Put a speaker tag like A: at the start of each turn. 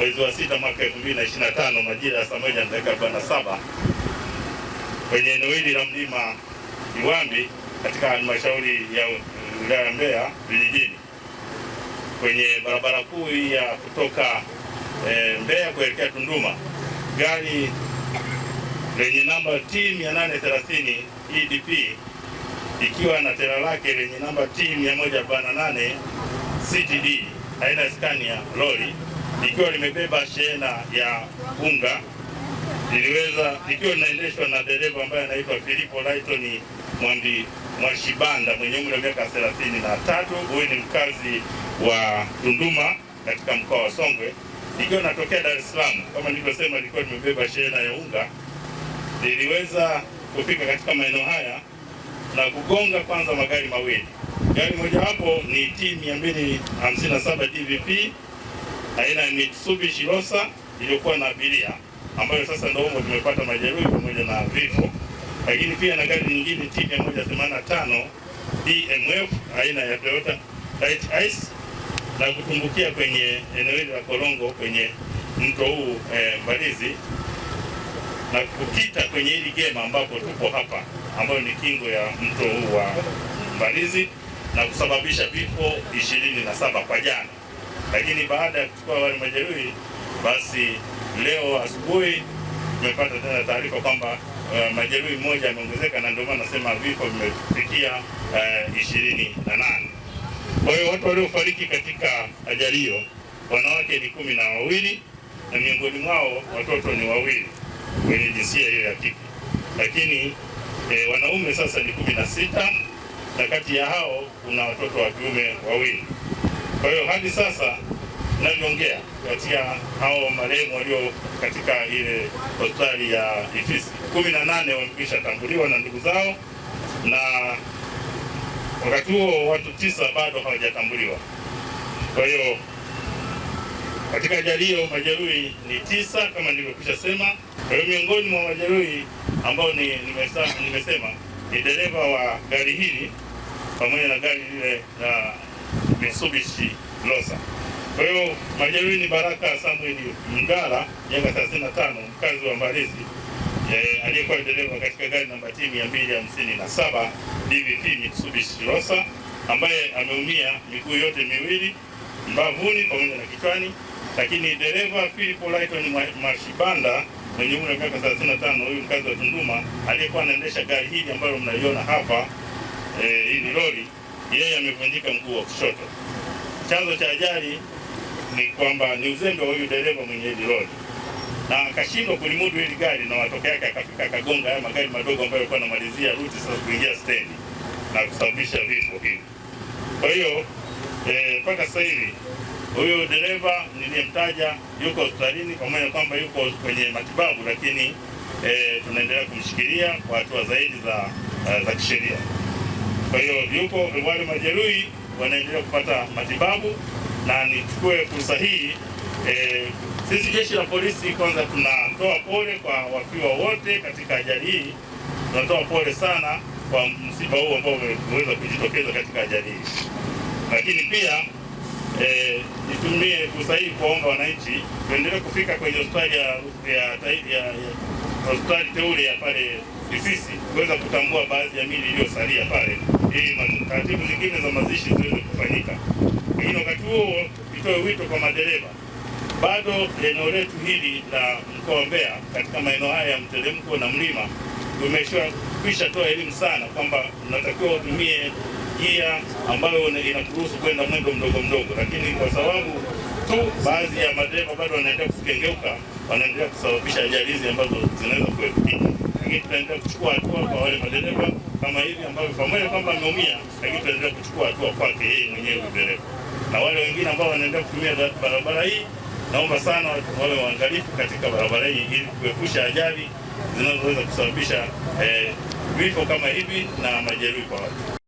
A: mwezi wa sita mwaka tano majira ya saa moja na dakika kwenye eneo hili la mlima Iwambi katika halmashauri ya wilaya ya Mbeya vijijini kwenye barabara kuu ya kutoka e, Mbeya kuelekea Tunduma gari lenye namba T 830 EDP ikiwa na tela lake lenye namba T 148 CTD aina Scania lori ikiwa limebeba shehena ya unga iliweza ikiwa linaendeshwa na dereva ambaye anaitwa Filipo Lighton Mwambi Mwashibanda mwenye umri wa miaka 33. Huyu ni mkazi wa Tunduma katika mkoa wa Songwe, ikiwa natokea Dar es Salaam. Kama nilivyosema, ilikuwa limebeba shehena ya unga, liliweza kufika katika maeneo haya na kugonga kwanza magari mawili. Gari mojawapo ni T 257 DVP aina ya Mitsubishi Rosa iliyokuwa na abiria ambayo sasa ndio huko tumepata majeruhi pamoja na vifo, lakini pia na gari nyingine T185 DMF aina ya Toyota Light Ice na kutumbukia kwenye eneo hili la korongo kwenye mto huu eh, Mbalizi na kupita kwenye hili gema ambapo tupo hapa, ambayo ni kingo ya mto huu wa Mbalizi na kusababisha vifo 27 kwa jana lakini baada ya kuchukua wale majeruhi, basi leo asubuhi tumepata tena taarifa kwamba uh, majeruhi mmoja ameongezeka, na ndio maana nasema vifo vimefikia eh, ishirini na nane. Kwa hiyo watu waliofariki katika ajali hiyo wanawake ni kumi na wawili na miongoni mwao watoto ni wawili wenye jinsia hiyo ya kike, lakini e, wanaume sasa ni kumi na sita na kati ya hao kuna watoto wa kiume wawili. Kwa hiyo hadi sasa navyoongea, kati ya hao marehemu walio katika ile hospitali ya Ifisi, kumi na nane wamekwisha tambuliwa na ndugu zao, na wakati huo watu tisa bado hawajatambuliwa. Kwa hiyo katika ajali hiyo majeruhi ni tisa kama nilivyokwisha sema. Kwa hiyo miongoni mwa majeruhi ambao ni, nimesema, nimesema ni dereva wa gari hili pamoja na gari lile la Mitsubishi Rosa. Kwa hiyo majeruhi ni Baraka Samuel Mgara miaka 35 mkazi wa Mbalizi e, aliyekuwa dereva katika gari namba T 257 DVP Mitsubishi Rosa ambaye ameumia miguu yote miwili mbavuni pamoja na kichwani, lakini dereva Philip Lighton Mashibanda mwenye umri wa miaka 35, huyu mkazi wa Tunduma aliyekuwa anaendesha gari hili ambalo mnaliona hapa, e, hii ni lori yeye amevunjika mguu wa kushoto. Chanzo cha ajali ni kwamba ni uzembe wa huyu dereva mwenye hili lori, na akashindwa kulimudu hili gari, na matokeo yake akafika akagonga haya magari madogo ambayo yalikuwa yanamalizia ruti sasa kuingia stendi na kusababisha vifo hivi. Kwa hiyo eh, mpaka e, sasa hivi huyu dereva niliyemtaja yuko hospitalini, pamoja na kwamba yuko kwenye matibabu, lakini e, tunaendelea kumshikilia kwa hatua zaidi za, eh, za kisheria. Kwa hiyo yupo wale majeruhi wanaendelea kupata matibabu, na nichukue fursa hii e, sisi jeshi la polisi kwanza tunatoa pole kwa wafiwa wote katika ajali hii, tunatoa pole sana kwa msiba huu ambao umeweza kujitokeza katika ajali hii, lakini pia e, nitumie fursa hii kuwaomba wananchi tuendelee kufika kwenye hospitali ya, ya, ya, ya hospitali teule ya pale Ifisi kuweza kutambua baadhi ya mili iliyosalia pale ili taratibu zingine za mazishi ziweze kufanyika. Lakini wakati huo itoe wito kwa madereva, bado eneo letu hili la mkoa wa Mbeya katika maeneo haya ya mteremko na mlima tumeshakwisha toa elimu sana kwamba unatakiwa utumie njia ambayo inakuruhusu kwenda mwendo mdogo mdogo, lakini kwa sababu tu baadhi ya madereva bado wanaendelea kukengeuka, wanaendelea kusababisha ajali hizi ambazo zinaweza kuepukika lakini tutaendelea kuchukua hatua kwa wale madereva kama hivi ambavyo, pamoja kwamba ameumia, lakini tutaendelea kuchukua hatua kwake yeye mwenyewe dereva, na wale wengine ambao wanaendelea kutumia barabara hii, naomba sana wawe waangalifu katika barabara hii ili kuepusha ajali zinazoweza kusababisha eh, vifo kama hivi na majeruhi kwa watu.